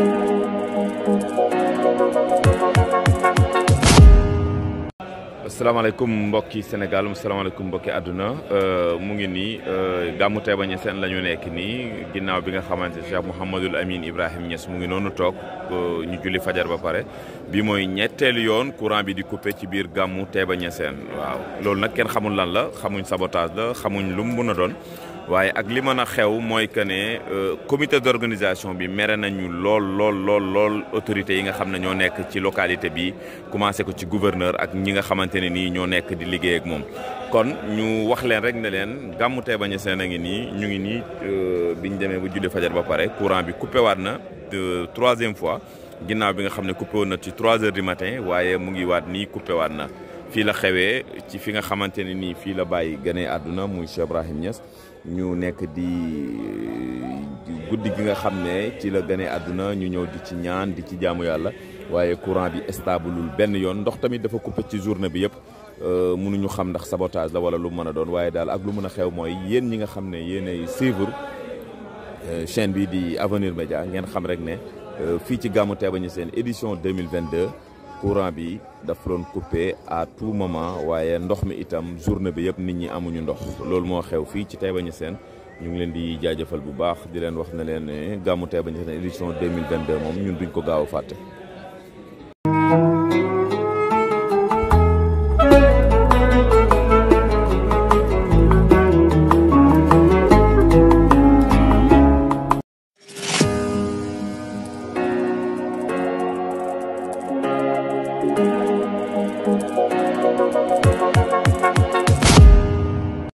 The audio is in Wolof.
Thank you. salaamaaleykum mbokki Sénégal salaamaaleykum mbokki àdduna euh, mu ngi nii euh, gàmmu Taïba Niassène la ñu nekk nii ginnaaw bi nga xamante Cheikh Mouhamadul Amin Ibrahim Niass mu ngi noonu toog euh, ñu julli fajar ba pare bi mooy ñetteelu yoon courant bi di coupé ci biir gàmmu Taïba Niassène waaw loolu nag kenn xamul lan la xamuñ sabotage la xamuñ lu mu a doon waaye ak li mën a xew mooy que ne comité d'organisation bi mere nañu lool lool lool lool autorités yi nga xam ne ñoo nekk ci localité bi commencé ko ci gouverneur ak ñi nga xamante ne ñoo nekk di liggéey ak moom. kon ñu wax leen rek ne leen gàmmu Taïba Niassène a ngi nii ñu ngi nii euh, bi ñu demee ba julli fajar ba pare courant bi coupé waat na troisième fois ginnaaw bi nga xam ne coupé na ci trois heures du waaye mu ngi waat nii coupé waat na. fii la xewee ci fi nga xamante ne nii fii la bàyyi gane àdduna muy Cheikh Ibrahim Niass ñu nekk di guddi gi nga xam ne ci la gane àdduna ñu ñëw di ci ñaan di ci jaamu yàlla waaye courant bi staabulul benn yoon ndox tamit dafa coupé ci journée bi yëpp euh, mënuñu xam ndax sabotage la wala lu mën a doon waaye daal ak lu mën a xew mooy yéen ñi nga xam ne yéenay suivre euh, chaine bi di Avenir Média ngeen xam rek ne euh, fii ci gàmmu Taïba seen édition 2022 courant bi dafa doon coupé à tout moment waaye ndox mi itam journée bi yëpp nit ñi amuñu ndox loolu moo xew fii ci Taïba seen ñu ngi leen di jaajëfal bu baax di leen wax na leen gàmmu Taïba Niassène édition 2022 moom ñun duñ ko gaaw a fàtte